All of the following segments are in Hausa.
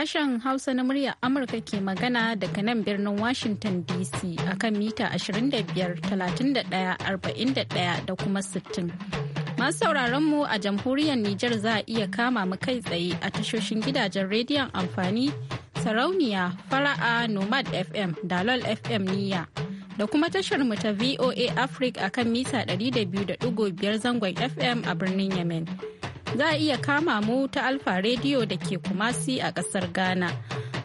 sashen Hausa na muryar Amurka ke magana daga nan birnin Washington DC akan mita 25, 31, 41 da kuma 60. Masu sauraronmu a jamhuriyar Nijar za a iya kama mu kai tsaye a tashoshin gidajen rediyon amfani sarauniya fara'a nomad fm dalol fm niya da kuma tashar mu ta voa africa akan mita 200.5 zangon fm a birnin yemen za a iya kama mu ta Alfa rediyo da ke Kumasi a kasar Ghana.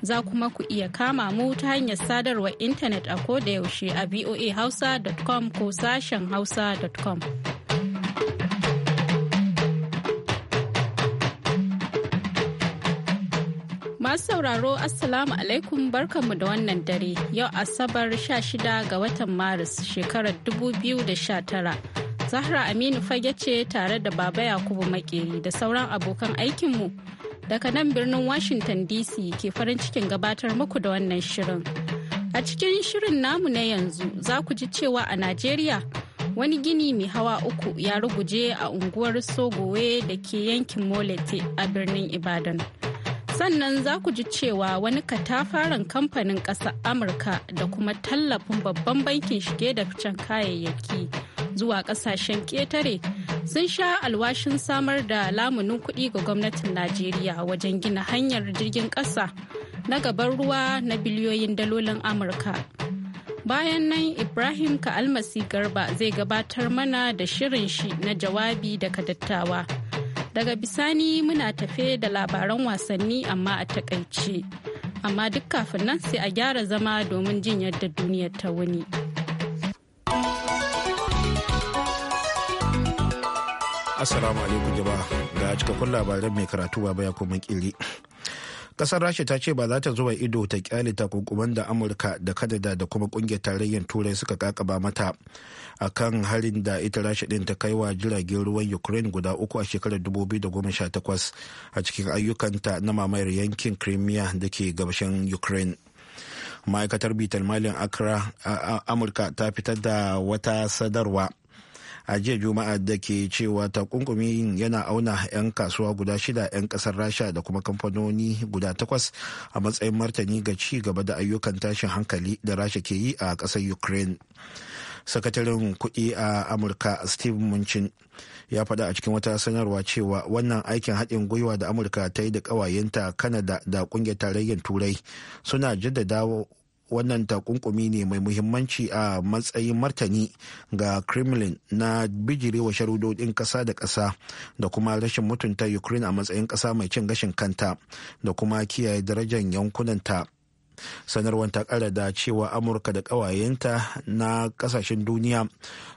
Za kuma ku iya kama mu ta hanyar sadarwar intanet a yaushe a boa-hausa.com ko sashen hausa.com. Masu sauraro Assalamu alaikum barkanmu da wannan dare yau Asabar 16 ga watan Maris shekarar 2019. Zahra Aminu fage ce tare da Baba Yakubu Makeri da sauran abokan aikinmu daga nan birnin Washington DC ke farin cikin gabatar muku da wannan shirin. A cikin shirin namu na yanzu za ku ji cewa a Najeriya wani gini mai hawa uku ya ruguje a unguwar Sogowe da ke yankin Molete a birnin Ibadan. Sannan za ku ji cewa wani katafaren kamfanin ƙasa Amurka da kuma tallafin babban bankin shige da ficen kayayyaki. zuwa kasashen ƙetare sun sha alwashin samar da lamunin kuɗi ga gwamnatin najeriya wajen gina hanyar jirgin ƙasa na gaban ruwa na biliyoyin dalolin amurka bayan nan ibrahim ka Almasi garba zai gabatar mana da shirin shi na jawabi daga dattawa daga bisani muna tafe da labaran wasanni amma a takaice amma duk kafin nan sai a gyara zama domin jin yadda duniyar ta wuni. Assalamu alaikum jama'a ga cikakkun labaran mai karatu ba ya kuma kiri. Kasar Rasha ta ce ba za ta zuba ido ta kyale takunkuman da Amurka da Kanada da kuma kungiyar tarayyar Turai suka kakaba mata a kan harin da ita Rasha ɗin ta kai wa jiragen ruwan Ukraine guda uku a shekarar 2018 a cikin ayyukanta na mamayar yankin Crimea da ke gabashin Ukraine. Ma'aikatar Bitar Malin Accra Amurka ta fitar da wata sadarwa a jiya juma'a da ke cewa takunkumin yana auna 'yan kasuwa guda shida 'yan kasar rasha da kuma kamfanoni guda takwas a matsayin martani ga ci gaba da ayyukan tashin hankali da rasha ke yi a kasar ukraine sakataren kuɗi a amurka steve munchin ya faɗa a cikin wata sanarwa cewa wannan aikin haɗin gwiwa da amurka ta yi da ƙawayenta kanada da ƙungiyar tarayyar turai suna jaddada wannan takunkumi ne mai muhimmanci a matsayin martani ga kremlin na bijirewa sharudodin ƙasa da ƙasa da kuma rashin mutunta ukraine a matsayin ƙasa mai cin gashin kanta da kuma kiyaye darajar yankunanta sanarwar ta kara da cewa amurka da ƙawayenta na kasashen duniya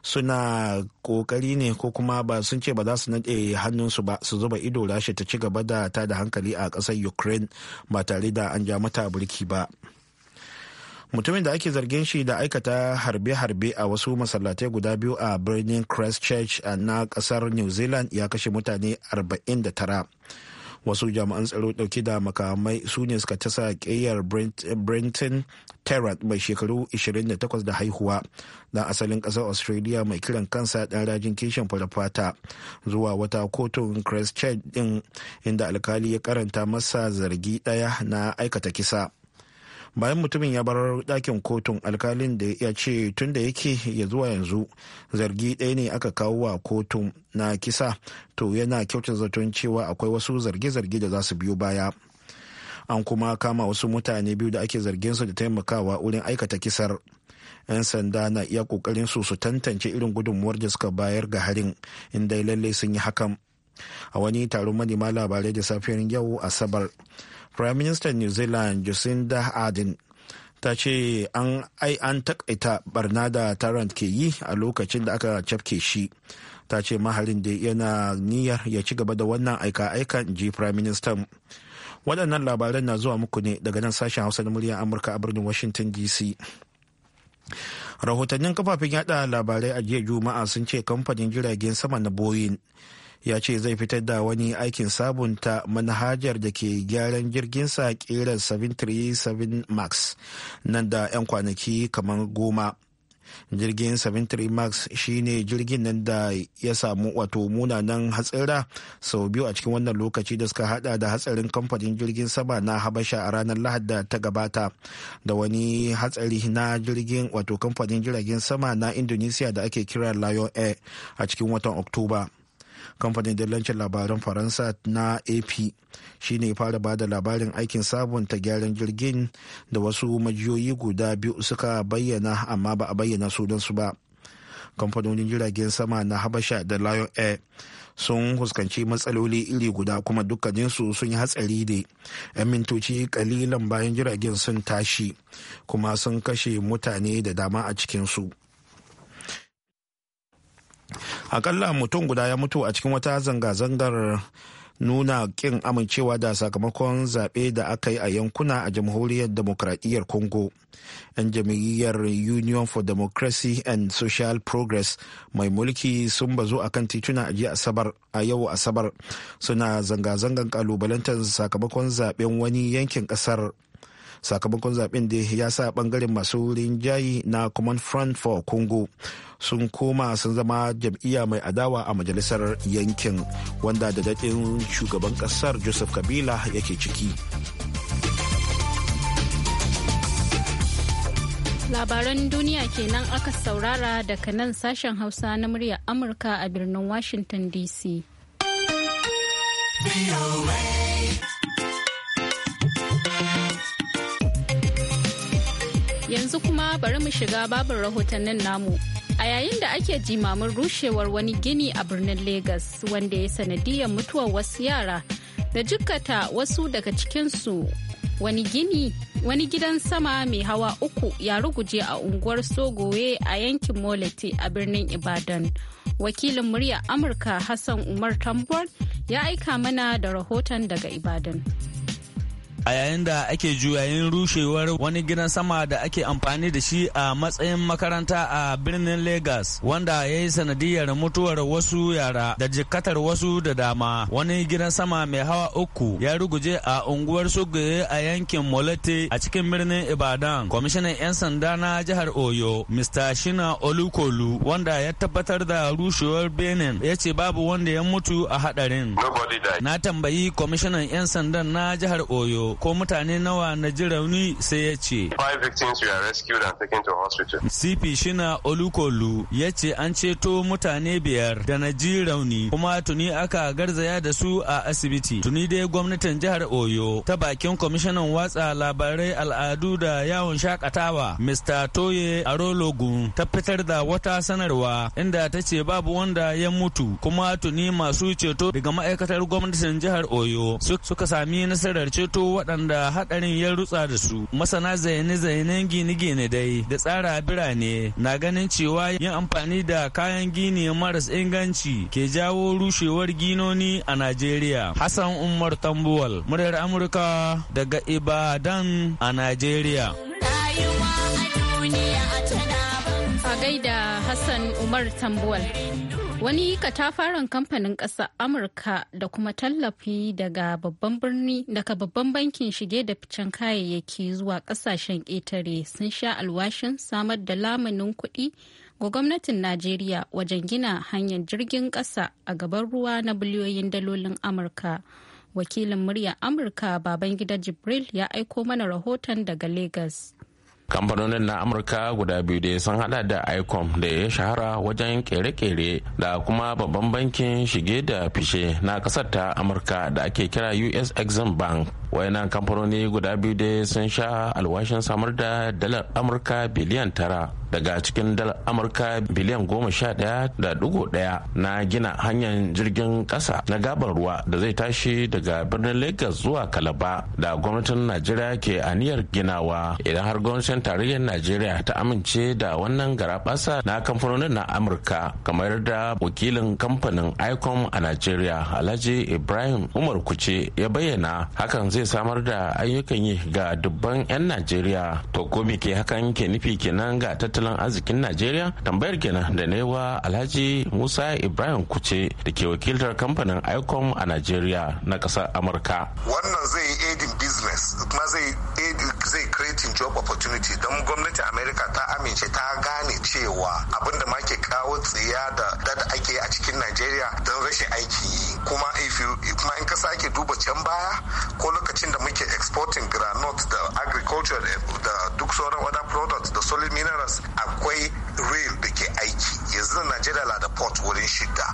suna ƙoƙari ne ko kuma ba sun ce ba za su naɗe hannunsu ba su zuba ido rasha ta ci gaba da ta da hankali a ƙasar ukraine ba tare da an ja mata burki ba. mutumin da ake zargin shi da aikata harbe-harbe a wasu masallatai guda biyu a birnin christchurch na kasar new zealand ya kashe mutane 49 wasu jami'an tsaro dauki da makamai su ne suka tasa kiyar brenton terrat mai shekaru 28 da haihuwa dan asalin kasar australia mai kiran kansa ɗan rajin kishin fata zuwa wata kotun christchurch din inda alkali ya karanta masa zargi ɗaya na aikata kisa bayan mutumin ya bar dakin kotun alkalin da ya ce tun da yake ya zuwa yanzu zargi ɗaya ne aka kawo wa kotun na kisa to yana kyautar zaton cewa akwai wasu zarge-zarge da za su biyo baya an kuma kama wasu mutane biyu da ake zargin su da taimakawa wurin aikata kisar 'yan sanda na iya kokarin su su tantance irin gudunmuwar da suka bayar ga harin inda lallai sun yi hakan a wani taron manema labarai da safiyar yau asabar prime minister new zealand jacinda ardern ta ce an ai an takaita barna da tarrant ke yi a lokacin da aka cafke shi ta ce maharin da yana niyyar ya ci gaba da wannan aika aikan ji prime minister waɗannan labaran na zuwa muku ne daga nan sashen hausa na muryar amurka a birnin washington dc rahotannin kafafen yada labarai a jiya juma'a sun ce kamfanin jiragen sama na boeing ya ce zai fitar da wani aikin sabunta manhajar da ke gyaran jirginsa kera 737 max nan da 'yan kwanaki kamar goma jirgin 73 max shine jirgin nan da ya samu wato munanan hatsira sau biyu a cikin wannan lokaci da suka hada da hatsarin kamfanin jirgin sama na habasha a ranar lahad da ta gabata da wani hatsari na jirgin wato kamfanin jiragen sama na indonesia da ake kira lion air a cikin watan oktoba kamfanin dillancin labaran faransa na ap shi ne fara ba da labarin aikin sabunta gyaran jirgin da wasu majiyoyi guda biyu suka bayyana amma ba a bayyana su sunansu ba kamfanonin jiragen sama na habasha da lion air sun fuskanci matsaloli iri guda kuma dukkaninsu sun yi hatsari ne yan mintoci kalilan bayan jiragen sun tashi kuma sun kashe mutane da dama a cikinsu. akalla mutum guda ya mutu a cikin wata zanga-zangar nuna kin amincewa da sakamakon zaɓe da aka yi a yankuna a jamhuriyar demokradiyyar congo yan jam'iyyar union for democracy and social progress mai mulki sun bazu a kan tituna a asabar a yau asabar suna zanga-zangan kalubalantar sakamakon zaɓen wani yankin ƙasar sakamakon zaben da ya sa bangaren masu rinjayi na common front for congo sun koma sun zama jam'iyya mai adawa a majalisar yankin wanda da daɗin shugaban ƙasar joseph kabila yake ciki labaran duniya kenan aka saurara daga nan sashen hausa na murya amurka a birnin washington dc yanzu kuma bari mu shiga babin rahotannin namu. A yayin da ake jimamin rushewar wani gini a birnin Legas wanda ya sanadiyar mutuwar wasu yara da jikkata wasu daga cikinsu wani gini wani gidan sama mai hawa uku ya ruguje a unguwar Sogowe a yankin Molete a birnin Ibadan. Wakilin murya Amurka Hassan Umar Tambor ya aika mana da rahoton daga Ibadan. a yayin da ake juyayin rushewar wani gidan sama da ake amfani da shi a matsayin makaranta a birnin Legas wanda ya yi sanadiyar mutuwar wasu yara da jikatar wasu da dama. Wani gidan sama mai hawa uku ya ruguje a unguwar Sogoye a yankin Molete a cikin birnin Ibadan. Kwamishinan 'yan sanda na jihar Oyo, Mr. Shina Olukolu, wanda ya tabbatar da rushewar Benin, ya ce babu wanda ya mutu a hadarin. Na tambayi kwamishinan 'yan sandan na jihar Oyo, ko mutane nawa na ji rauni sai ya ce. Five victims were rescued and taken to hospital. CP Shina Olukolu ya ce an ceto mutane biyar da na ji rauni kuma tuni aka garzaya da su a asibiti. Tuni dai gwamnatin jihar Oyo ta bakin kwamishinan watsa labarai al'adu da yawon shakatawa Mr. Toye Arologun ta fitar da wata sanarwa inda ta ce babu wanda ya mutu kuma tuni masu ceto daga ma'aikatar gwamnatin jihar Oyo suka sami nasarar ceto waɗanda haɗarin ya rutsa da su. Masana zaine-zainen gine-gine dai da tsara birane na ganin cewa yin amfani da kayan gini maras inganci ke jawo rushewar ginoni a Najeriya. Hassan Umar Tambuwal, muryar Amurka daga Ibadan a Najeriya. A gaida Hassan Umar Tambuwal. Wani katafaren kamfanin ƙasa Amurka da kuma tallafi daga babban birni daga babban bankin shige da ficen kayayyaki zuwa ƙasashen ƙetare sun sha alwashin samar da lamunin kuɗi ga gwamnatin Najeriya wajen gina hanyar jirgin ƙasa a gaban ruwa na biliyoyin dalolin Amurka. Wakilin murya Amurka Babangida Jibril ya aiko mana rahoton daga Legas. kamfanonin na amurka guda biyu da sun hada da icom da ya shahara wajen kere-kere da kuma babban bankin shige da fice na kasar ta amurka da ake kira us exim bank na kamfanoni guda biyu dai sun sha alwashin samar da dalar amurka biliyan tara daga cikin dalar amurka biliyan goma sha daya da dugu daya na gina hanyar jirgin kasa na gabar ruwa da zai tashi daga birnin lagos zuwa kalaba da gwamnatin najeriya ke aniyar ginawa idan har gwamnatin tarayyar najeriya ta amince da wannan garabasa na kamfanonin na amurka kamar da wakilin kamfanin icom a najeriya alhaji ibrahim umar kuce ya bayyana hakan zai zai samar da ayyukan yi ga dubban 'yan najeriya to ko me ke hakan ke nufi kenan ga tattalin arzikin najeriya tambayar kenan da newa alhaji musa ibrahim kuce da ke wakiltar kamfanin icom a najeriya na ƙasar amurka wannan zai aidin business kuma zai zai creating job opportunity don gwamnati america ta amince ta gane cewa abinda ma ke kawo tsiya da da ake a cikin najeriya don rashin aiki kuma if you kuma in ka sake duba can baya ko lokacin da muke exporting granite da agriculture da duk sauran other products da solid minerals akwai rail da ke aiki yanzu najeriya na da port wurin shida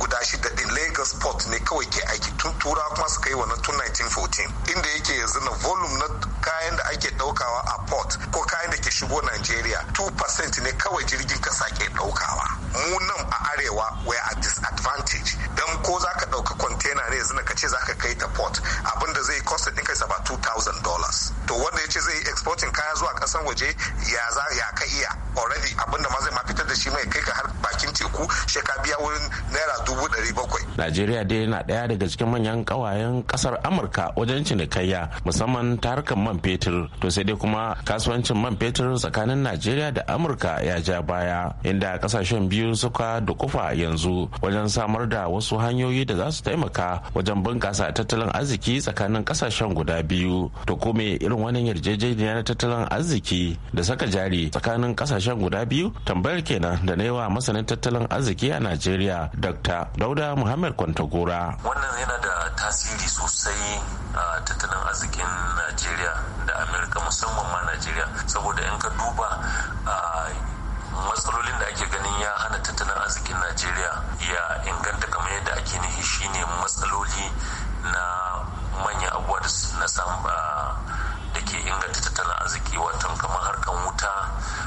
guda shida din lagos port ne kawai ke aiki tun tura kuma suka yi wannan tun 1914 inda yake yanzu na volume na kayan da ake daukawa a port ko kayan da ke shigo najeriya 2% ne kawai jirgin kasa ke daukawa mu nan a arewa we are disadvantage dan ko za ka ɗauka kwantena ne yanzu ka ce za ka kai ta port abin da zai kosta ɗin kaisa ba $2,000 to wanda ya ce zai exporting kaya zuwa ƙasan waje ya za ya ka iya already abin da ma zai ma fitar da shi mai kai ka har bakin teku sai ka wurin naira dubu ɗari bakwai. Najeriya dai na ɗaya daga cikin manyan ƙawayen ƙasar Amurka wajen cinikayya musamman ta harkar man fetur to sai dai kuma kasuwancin man fetur tsakanin Najeriya da Amurka ya ja baya inda ƙasashen biyu suka dukufa yanzu wajen samar da wasu hanyoyi da za su taimaka wajen bunƙasa tattalin arziki tsakanin ƙasashen guda biyu to me irin wannan yarjejeniya na tattalin arziki da saka jari tsakanin ƙasashen guda biyu tambayar kenan da na yi wa masanin tattalin arziki a najeriya dr dauda muhammad kwantagora wannan yana da tasiri sosai a tattalin arzikin najeriya da amurka musamman ma najeriya saboda in ka duba matsalolin da ake ganin ya hana tattalin arzikin najeriya ya inganta kamar yadda ake shi shine matsaloli na manyan abubuwa na samba da ke inganta tattalin arziki watan kamar harkan wuta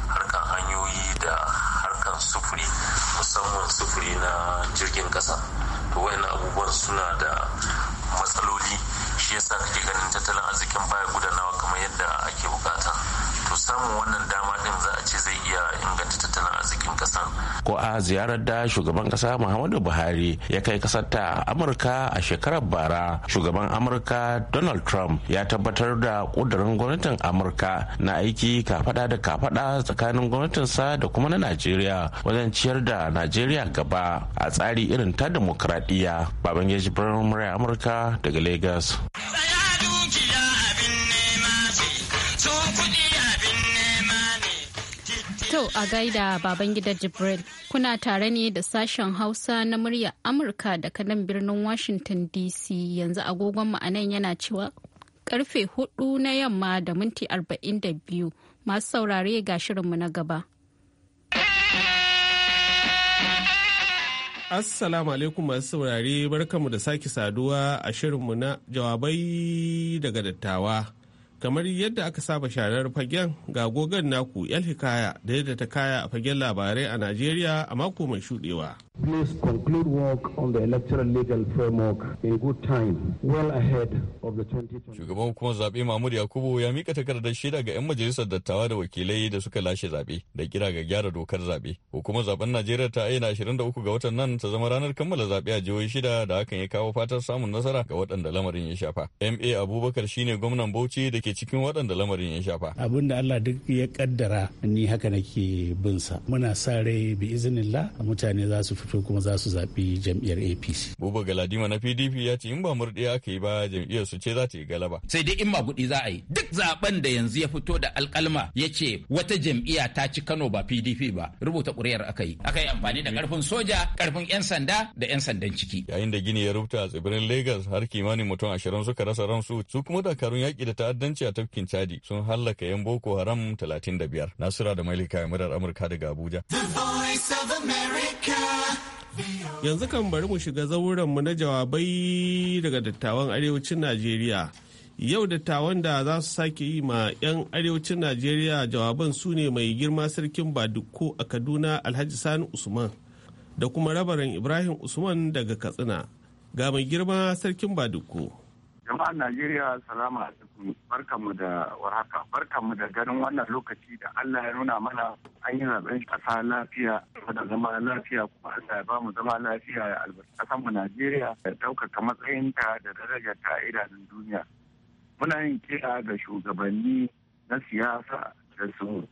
harkan hanyoyi da sufuri musamman sufuri na jirgin kasa to wayannan abubuwan suna da matsaloli shi yasa kake ganin tattalin arzikin baya gudanawa kamar yadda ake bukata samun wannan dama din za a ce zai iya inganta tattalin arzikin kasar ko a ziyarar da shugaban kasa muhammadu buhari ya kai kasar ta amurka a shekarar bara shugaban amurka donald trump ya tabbatar da kudurin gwamnatin amurka na aiki kafada da kafada tsakanin gwamnatin sa da kuma na najeriya wajen ciyar da najeriya gaba a tsari irin ta demokradiyya babangeji birnin murai amurka daga lagos To a gaida baban gida Jibril kuna tare ne da sashen Hausa na murya Amurka da kanan birnin Washington DC yanzu agogon ma'anan yana cewa karfe hudu na yamma da minti arba'in 42 masu saurare ga shirinmu na gaba. Assalamu alaikum masu saurare barkanmu da sake saduwa a shirinmu na jawabai daga dattawa. kamar yadda aka saba sharar fagen ga gogon naku yal hikaya da yadda ta kaya a fagen labarai a najeriya a mako mai shudewa Please conclude work on the electoral legal framework in good time, well ahead of the 2020. Shugaban hukumar zaɓe Mahmud Yakubu ya mika takardar shida ga 'yan majalisar dattawa da wakilai da suka lashe zaɓe da kira ga gyara dokar zaɓe. Hukumar zaɓen Najeriya ta ayyana 23 ga watan nan ta zama ranar kammala zaɓe a jihohi shida da hakan ya kawo fatan samun nasara ga waɗanda lamarin ya shafa. MA Abubakar shine gwamnan Bauchi da ke cikin waɗanda lamarin ya shafa. Abin da Allah duk ya kaddara ni haka nake bin sa. Muna sa rai bi iznillah mutane za su fito kuma za su zaɓi jam'iyyar apc buba galadima na pdp ya ce in ba murɗiya aka yi ba jam'iyyar su ce za ta yi galaba sai dai in ma za a yi duk zaɓen da yanzu ya fito da alƙalma ya ce wata jam'iyya ta ci kano ba pdp ba rubuta ƙuri'ar aka yi aka yi amfani da ƙarfin soja ƙarfin 'yan sanda da 'yan sandan ciki yayin da gini ya rubuta a tsibirin lagos har kimanin mutum ashirin suka rasa ransu su kuma dakarun yaƙi da ta'addanci a tafkin chadi sun hallaka 'yan boko haram talatin da biyar nasira da malika murar amurka daga abuja The Voice of America. Yanzu kan bari mu shiga zauren mu na jawabai daga dattawan arewacin Najeriya. Yau dattawan da za su sake yi ma 'yan arewacin Najeriya jawaban su ne mai girma sarkin Baduko a Kaduna Alhaji Sani Usman da kuma rabaran Ibrahim Usman daga Katsina. Ga mai girma sarkin baduko jama'an najeriya salama alaikum barkanmu da warhaka barkanmu da ganin wannan lokaci da allah ya nuna mana an yi zaben ƙasa lafiya da zama lafiya kuma allah ya bamu zama lafiya ya albarkasan mu najeriya da ɗaukaka matsayinta da darajar ta idanun duniya muna yin kira ga shugabanni na siyasa da su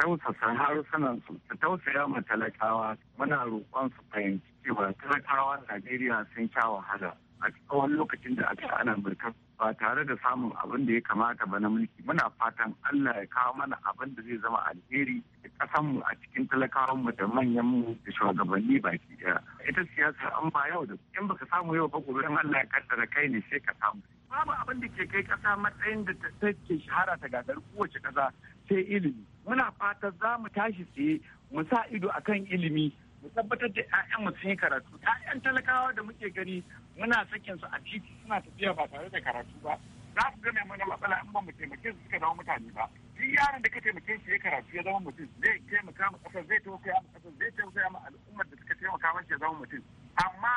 tausasa harsunan su su tausaya ma talakawa muna roƙon su fahimci cewa talakawan najeriya sun sha wahala a tsawon lokacin da aka ana mulkan ba tare da samun abin da ya kamata ba na mulki muna fatan Allah ya kawo mana abin da zai zama alheri da kasanmu a cikin talakawanmu da manyanmu da shugabanni baki daya ita siyasa an ba yau da in baka samu yau ba gobe in Allah ya kaddara kai ne sai ka samu babu abin da ke kai kasa matsayin da take shahara ta gadar kowace kasa sai ilimi muna fatan za mu tashi tsaye mu sa ido akan ilimi mu tabbatar da 'ya'yanmu sun yi karatu 'ya'yan talakawa da muke gani muna sakin su a titi suna tafiya ba tare da karatu ba za su gane mana matsala in ba mu taimake su suka zama mutane ba shi yaron da ka taimake shi ya karatu ya zama mutum zai taimaka ma kasar zai taimaka ma kasar zai taimaka ma al'ummar da suka taimaka masa ya zama mutum amma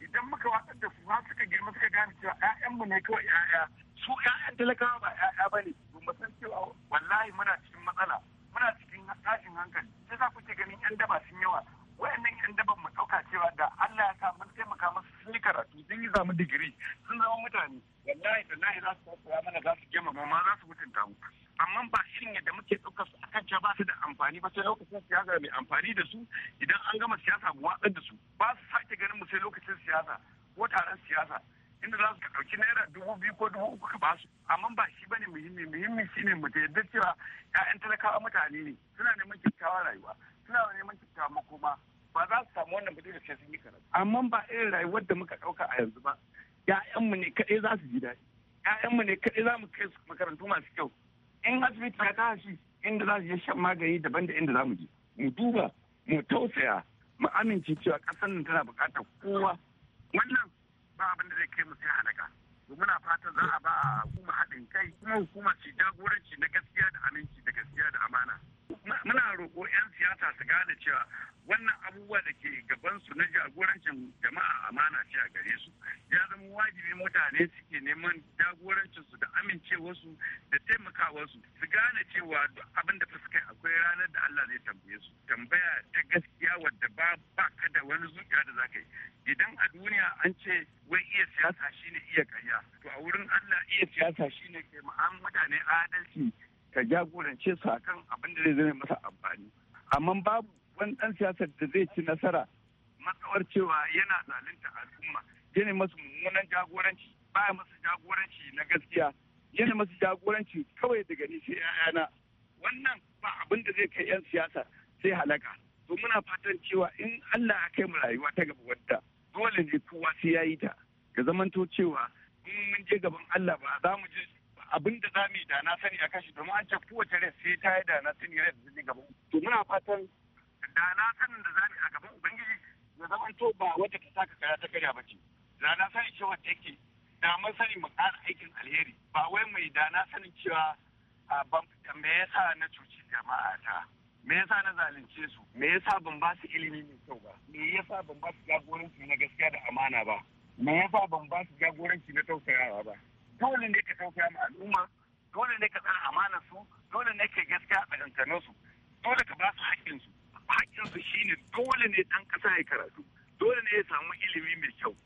idan muka watsar da su ba suka girma suka gane cewa mu ne kawai ƴaƴa su ƴaƴan talakawa ba ƴaƴa ba ne ba mu san cewa wallahi muna cikin matsala muna cikin tashin hankali sai za ku kuke ganin ƴan daba sun yawa wayannan yan daban mu ɗauka cewa da Allah ya sa mun taimaka musu sun yi karatu sun yi samu digiri sun zama mutane wallahi yi za su tsaya mana za su gema ma za su mutunta mu amma ba irin yadda muke dauka su akan ba su da amfani ba sai lokacin siyasa mai amfani da su idan an gama siyasa mu watsar da su ba su sake ganin mu sai lokacin siyasa ko taron siyasa inda za su ɗauki naira dubu biyu ko dubu uku ka basu amma ba shi bane muhimmi muhimmi shine mu ta yadda cewa 'ya'yan talakawa mutane ne suna neman kyakkyawar rayuwa suna neman kyauta mako ba za su samu wannan da sai sun yi karatu amma ba irin rayuwar da muka ɗauka a yanzu ba ƴaƴanmu ne kaɗai za su ji daɗi ƴaƴanmu ne kaɗai za mu kai su makarantu masu kyau in asibiti ya tashi inda za su je shan magani daban da inda za mu je mu duba mu tausaya mu amince cewa ƙasar nan tana buƙatar kowa wannan ba abin da zai kai mu sai halaka muna fatan za a ba a hukuma haɗin kai kuma hukuma ce jagoranci na gaskiya da aminci da gaskiya da amana muna roƙo 'yan siyasa su gane cewa wannan abubuwa da ke gabansu na jagorancin jama'a amana ce a gare su ya zama wajibi mutane suke neman jagorancinsu da amincewarsu da taimakawarsu su gane cewa abinda abin da fuskai akwai ranar da Allah zai tambaye su tambaya ta gaskiya wadda ba ba ka da wani zuciya da za ka yi idan a duniya an ce wai iya siyasa shine iya karya to a wurin Allah iya siyasa shine ke ma'an mutane adalci ka jagorance su akan abin da zai zama masa amfani amma babu wani dan siyasar da zai ci nasara matsawar cewa yana zalunta al'umma yana masu mummunan jagoranci baya masu jagoranci na gaskiya yana masu jagoranci kawai daga ni sai yayana wannan ba abin da zai kai yan siyasa sai halaka to muna fatan cewa in Allah ya kai mu rayuwa ta gaba wadda dole ne kowa sai yayi ta ga zamanto cewa in mun je gaban Allah ba za mu je abin da za mu yi da na sani a kashi domin an ce kowace rai sai ta yi da na sani rai da zai gaban to muna fatan da na sanin da za mu yi a gaban ubangiji ya zama to ba wata ta saka kaya ta karya ba ce da na sani cewa ta yake da mun sani mu ƙara aikin alheri ba wai mai da na sanin cewa me yasa na cuci jama'a ta me yasa na zalunce su me yasa ban ba su ilimi mai kyau ba me yasa ban ba su jagoranci na gaskiya da amana ba me yasa ban ba su jagoranci na tausayawa ba dole ne ka tausaya ma al'umma dole ne ka tsara amanar su dole ne ka gaskiya a dankanin su dole ka ba su haƙƙin su haƙƙin su shine dole ne dan ƙasa ya karatu dole ne ya samu ilimi mai kyau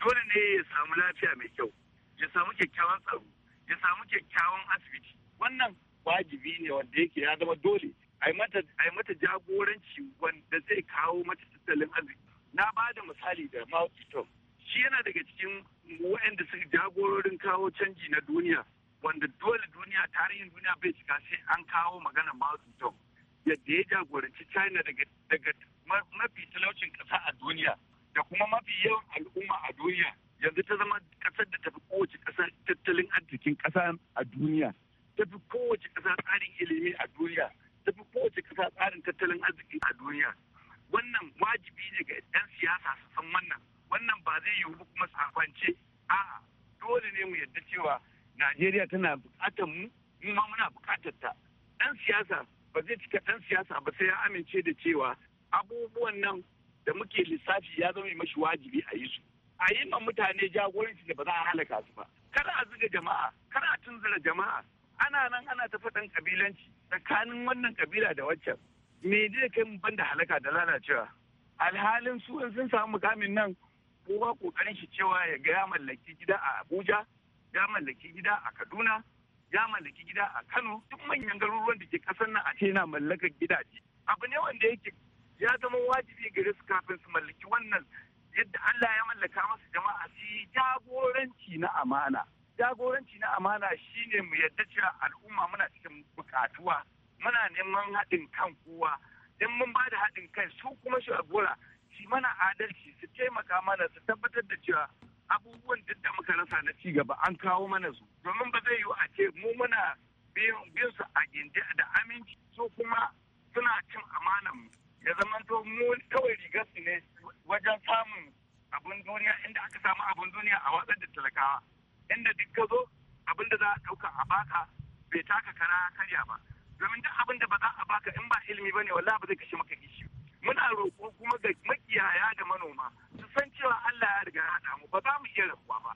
dole ne ya samu lafiya mai kyau ya samu kyakkyawan tsaro ya samu kyakkyawan asibiti wannan wajibi ne wanda yake ya zama dole a yi mata jagoranci wanda zai kawo mata tattalin arziki na ba da misali da Mao Zedong shi yana daga cikin waɗanda su jagororin kawo canji na duniya wanda dole duniya tarihin duniya bai cika sai an kawo magana Mao Zedong yadda ya jagoranci China daga mafi talaucin kasa a duniya da kuma mafi yawan al'umma a duniya yanzu ta zama ƙasar da tafi kowace ƙasa tattalin arzikin ƙasa a duniya tafi kowace ƙasa tsarin ilimi a najeriya tana bukatar mu mu ma muna bukatar ta dan siyasa ba zai cika dan siyasa ba sai ya amince da cewa abubuwan nan da muke lissafi ya zama mashi wajibi a yi su a yi ma mutane jagoranci da ba za a halaka su ba kada a zuga jama'a kada a tunzura jama'a ana nan ana ta faɗan kabilanci tsakanin wannan kabila da waccan me zai kai mu banda halaka da lalacewa alhalin su sun samu mukamin nan kowa kokarin shi cewa ya ga ya mallaki gida a Abuja ya mallaki gida a kaduna ya mallaki gida a kano duk manyan garuruwan da ke kasar nan a ce yana mallakar gidaje abu ne wanda yake ya zama wajibi gare su kafin su mallaki wannan yadda allah ya mallaka masu jama'a su jagoranci na amana jagoranci na amana shine mu yadda cewa al'umma muna cikin bukatuwa muna neman haɗin kan kowa in mun ba da haɗin kai su kuma shagora shi mana adalci su taimaka mana su tabbatar da cewa abubuwan duk da muka rasa na ci gaba an kawo mana su domin ba zai yiwu a ce mu muna biyan su a gindi da aminci su kuma suna cin amanan ya zama to mu kawai rigar su ne wajen samun abin duniya inda aka samu abin duniya a watsar da talakawa inda duk ka zo abin da za a ɗauka a baka bai taka kara karya ba domin duk abin da ba za a baka in ba ilimi ba ne wallahi ba zai kashe maka gishi muna roƙo kuma ga makiyaya da manoma su san cewa Allah ya riga haɗa mu ba za mu iya rabuwa ba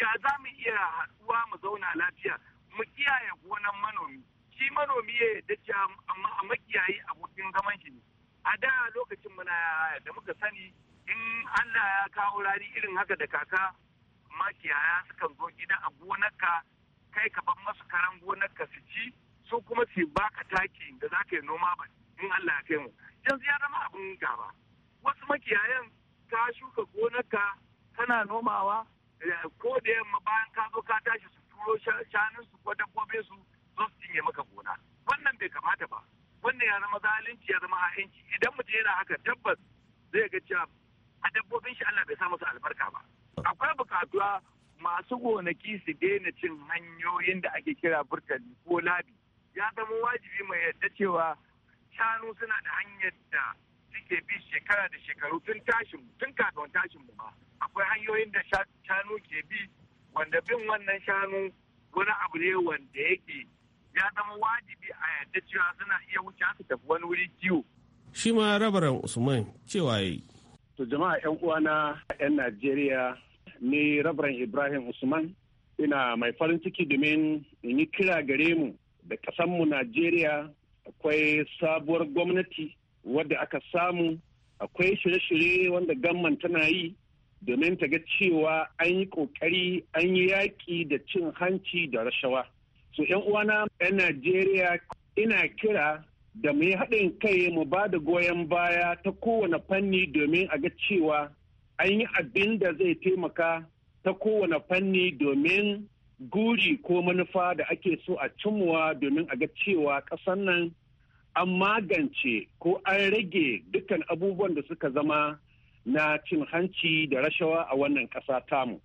ya za mu iya haɗuwa mu zauna lafiya mu kiyaye gonan manomi shi manomi ya yadda cewa amma a makiyayi abokin zaman shi ne a da lokacin muna da muka sani in Allah ya kawo rari irin haka da kaka makiyaya sukan zo gida a ka kai ka ban masu karan ka su ci su kuma su baka taki da za ka yi noma ba in Allah ya kai mu yanzu ya zama abin gaba wasu makiyayan ka shuka gonarka kana nomawa ko da yamma bayan ka zo ka tashi su turo shanun su ko dabbobin su zo su cinye maka gona wannan bai kamata ba wannan ya zama zalunci ya zama ha'inci idan mutum yana haka tabbas zai ga cewa a dabbobin shi Allah bai sa masa albarka ba akwai bukatuwa masu gonaki su daina cin hanyoyin da ake kira burtali ko labi ya zama wajibi mai yadda cewa shanu suna da hanyar da suke bi shekara da shekaru tun tashin tun kafin tashin mu ba akwai hanyoyin da shanu ke bi wanda bin wannan shanu wani abu ne wanda yake ya zama wajibi a yadda cewa suna iya wuce su tafi wani wuri kiwo. Shi ma rabaran Usman cewa yi. To jama'a 'yan uwana 'yan Najeriya ni rabaran Ibrahim Usman ina mai farin ciki domin in yi kira gare mu da kasanmu Najeriya akwai sabuwar gwamnati wadda aka samu akwai shirye-shirye wanda gamman tana yi domin ta ga cewa an yi kokari an yi yaƙi da cin hanci da rashawa so yan uwana yan najeriya ina kira da mu yi haɗin kai mu ba da goyon baya ta kowane fanni domin a ga cewa an yi abin da zai taimaka ta kowane fanni domin guri ko manufa da ake so a cimuwa domin a ga cewa ƙasar nan an magance ko an rage dukkan abubuwan da suka zama na cin hanci da rashawa a wannan ƙasa tamu.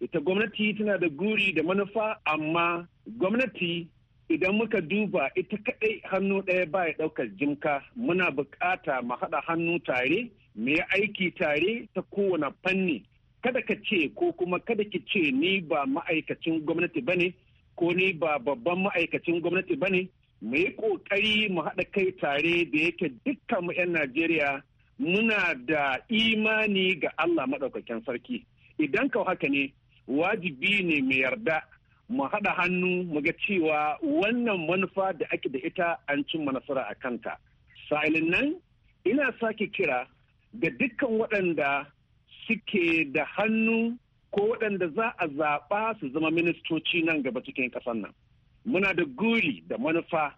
Ita gwamnati tana da guri da manufa amma gwamnati idan muka duba ita kaɗai hannu ɗaya ba ya ɗaukar jimka muna bukata mu haɗa hannu tare mu aiki tare ta kowane fanni kada ka ce ko kuma kada ki ce ni ba ma'aikacin gwamnati bane ko ni ba babban ma'aikacin gwamnati bane mu yi kokari mu haɗa kai tare da yake dukkan mu 'yan Najeriya muna da imani ga Allah maɗaukakin sarki idan ka haka ne wajibi ne mu yarda mu haɗa hannu mu ga cewa wannan manufa da ake da ita an cin nasara a kanta sa'ilin nan ina sake kira ga dukkan waɗanda suke da hannu ko waɗanda za a zaɓa su zama ministoci nan gaba cikin ƙasar nan. Muna da guri da manufa,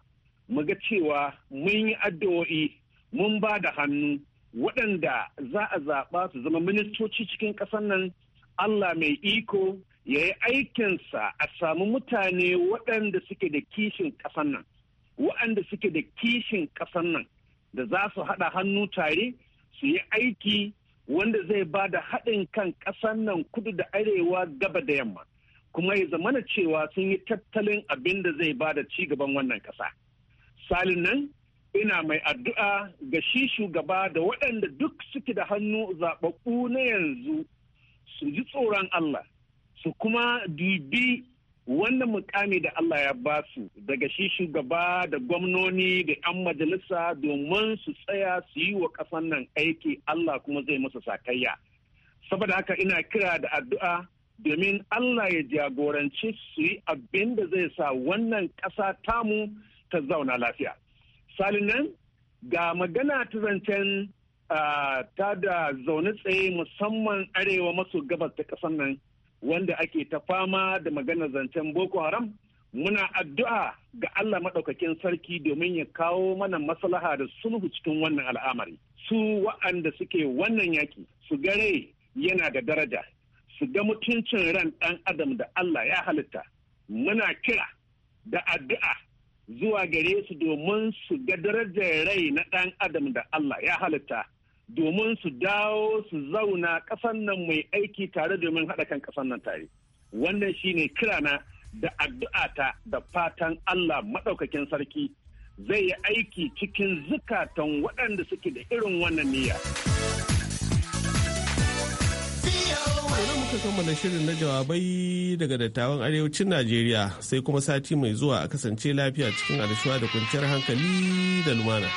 mu ga cewa mun yi addu'o'i, mun ba da hannu waɗanda za a zaɓa su zama ministoci cikin ƙasar nan Allah mai iko ya yi aikinsa a samu mutane waɗanda suke da kishin ƙasar nan, waɗanda suke da kishin ƙasar nan da za su haɗa hannu tare su yi aiki wanda zai ba da haɗin kan ƙasar nan kudu da arewa gaba da yamma kuma ya zamana cewa sun yi tattalin abin da zai ba da ci gaban wannan ƙasa. Salin nan ina mai addu'a ga shi shugaba da waɗanda duk suke da hannu zaɓaɓɓu na yanzu su ji tsoron Allah su kuma dubi wannan mukami da Allah ya ba su daga shi shugaba da gwamnoni da 'yan majalisa domin su tsaya su yi wa ƙasan nan aiki Allah kuma zai masa sakayya. Saboda haka ina kira da addu'a domin Allah ya jagoranci su yi abin da zai sa wannan ƙasa tamu ta zauna lafiya. Salinan ga magana ta zancen ah, ta da zaune tsaye musamman arewa maso gabas ta ƙasar nan wanda ake ta fama da maganar zancen boko haram muna addu'a ga allah maɗaukakin sarki domin ya kawo mana maslaha da sulhu cikin wannan al'amari su wa'anda suke wannan yaki su gare yana da daraja su ga mutuncin ran ɗan adam da allah ya halitta muna kira da addu'a zuwa gare su domin su ga darajar rai na ɗan adam da allah ya halitta domin su dawo su zauna ƙasan nan mai aiki tare domin haɗa kan ƙasan nan tare wannan shine kirana da addu'ata da fatan Allah maɗaukakin sarki zai yi aiki cikin zukatan waɗanda suke da irin wannan niyya. Wani muka kammala shirin na jawabai daga dattawan arewacin Najeriya sai kuma sati mai zuwa a kasance lafiya cikin alishuwa da kwanciyar hankali da lumana.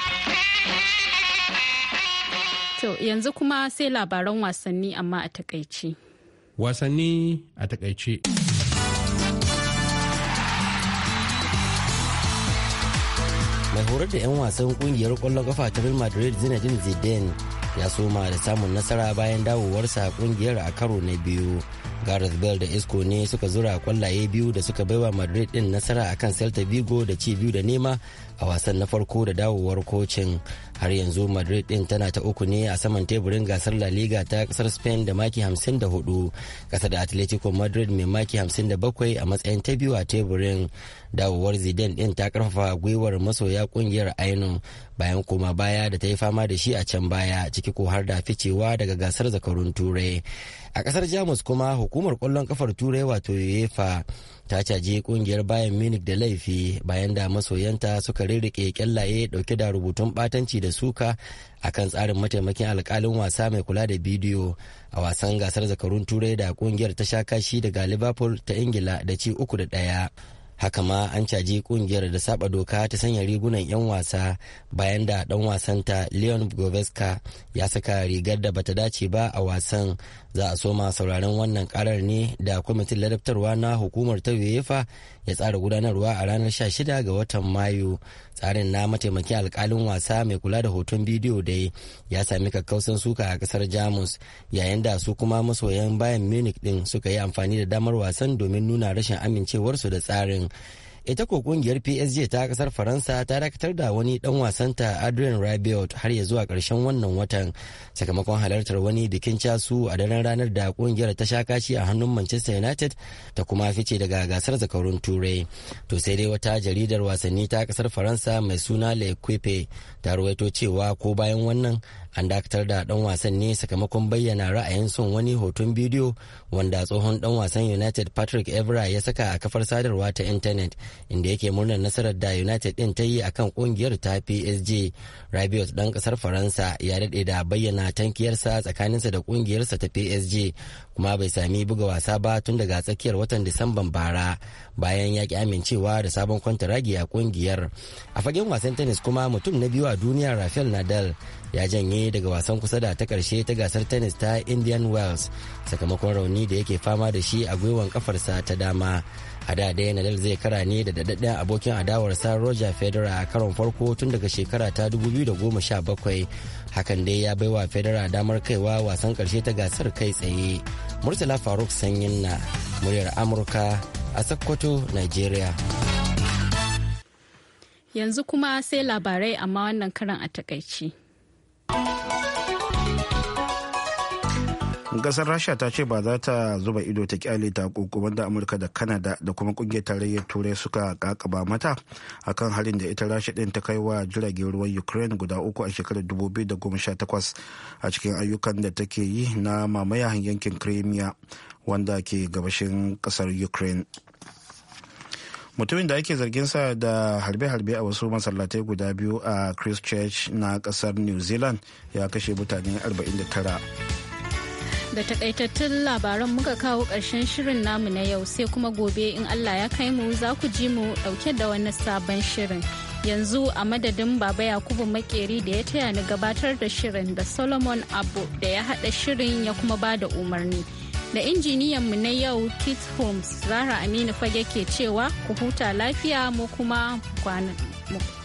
To yanzu kuma sai labaran wasanni amma a takaici. Wasanni a takaice. mai horar da 'yan wasan kungiyar kwallon kafa ta real madrid zinedine zidane ya soma da samun nasara bayan dawowarsa kungiyar a karo na biyu gareth bale da isco ne suka zura kwallaye biyu da suka baiwa madrid din nasara akan celta vigo da ci biyu da nema a wasan na farko da dawowar kocin har yanzu madrid din tana ta uku ne a saman teburin gasar la liga ta kasar spain da maki 54 kasa da atletico madrid mai maki 57 a matsayin ta biyu a teburin dawowar zidane din ta karfafa gwiwar masoya kungiyar aino bayan koma baya da ta yi fama da shi a can baya ciki ko har da ficewa daga gasar zakarun turai a kasar jamus kuma hukumar kwallon kafar turai wato uefa ta caji kungiyar bayan munich da laifi bayan da masoyanta suka rirriƙe kyallaye dauke da rubutun batanci da suka a kan tsarin mataimakin alkalin wasa mai kula da bidiyo a wasan gasar zakarun turai da kungiyar ta sha kashi daga liverpool ta ingila da ci uku da daya haka ma an caji kungiyar da saba doka ta sanya rigunan 'yan wasa bayan da dan wasan ta leon goveska ya saka rigar da bata dace ba a wasan za a soma sauraron wannan karar ne da kwamitin ladabtarwa na hukumar ta uefa ya tsara gudanarwa a ranar 16 ga watan mayu tsarin na mataimakin alkalin wasa mai kula da hoton bidiyo dai ya sami kakkausan suka a kasar jamus yayin da su kuma masoyan bayan munich din suka yi amfani da damar wasan domin nuna rashin amincewarsu da tsarin ita ko kungiyar psg ta kasar faransa ta dakatar da wani dan wasanta adrian rabiot har ya zuwa karshen wannan watan sakamakon halartar wani bikin casu a daren ranar da kungiyar ta sha kashi a hannun manchester united ta kuma fice daga gasar zakarun turai to sai dai wata jaridar wasanni ta kasar faransa mai suna le ta ruwaito cewa ko bayan wannan an dakatar da dan wasan ne sakamakon bayyana ra'ayin son wani hoton bidiyo wanda tsohon dan wasan united patrick evra ya saka a kafar sadarwa ta intanet inda yake murnar nasarar da united din ta yi akan kungiyar ta psg rabiot dan kasar faransa ya daɗe da bayyana tankiyarsa tsakaninsa da kungiyarsa ta psg kuma bai sami buga wasa ba tun daga tsakiyar watan disamban bara bayan ya ki amincewa da sabon kwantaragi a kungiyar a fagen wasan tennis kuma mutum na biyu a duniya rafael nadal ya janye daga wasan kusa da ta karshe ta gasar tennis ta indian wells sakamakon rauni da yake fama da shi a gwiwan kafarsa ta dama a da dai nadal zai kara ne da daɗaɗɗen abokin adawarsa roger federer a karon farko tun daga shekara ta 2017 hakan dai ya baiwa federer damar kaiwa wasan karshe ta gasar kai tsaye murtala faruk sanyin na muryar amurka a sokoto nigeria yanzu kuma sai labarai amma wannan karan a takaici. kasar rasha ta ce ba za ta zuba ido ta kyale ta da amurka da kanada da kuma kungiyar tarayyar turai suka kakaba mata akan halin da ita rasha din ta kai wa jiragen ruwan ukraine guda uku a shekarar 2018 a cikin ayyukan da take yi na mamaya yankin crimea wanda ke gabashin kasar ukraine mutumin da ake zargin sa da harbe-harbe a wasu masallatai guda biyu a christchurch na kasar new zealand ya kashe mutane 49 da takaitattun labaran muka kawo ƙarshen shirin namu na yau sai kuma gobe in Allah ya kai mu za ku ji mu ɗauke da wani sabon shirin. Yanzu a madadin Baba Yakubu Makeri da ya taya ni gabatar da shirin da Solomon Abu da ya haɗa shirin ya kuma ba da umarni. Da injiniyan mu na yau kit Holmes, Zara Aminu Fage ke cewa ku huta lafiya mu kuma kwanan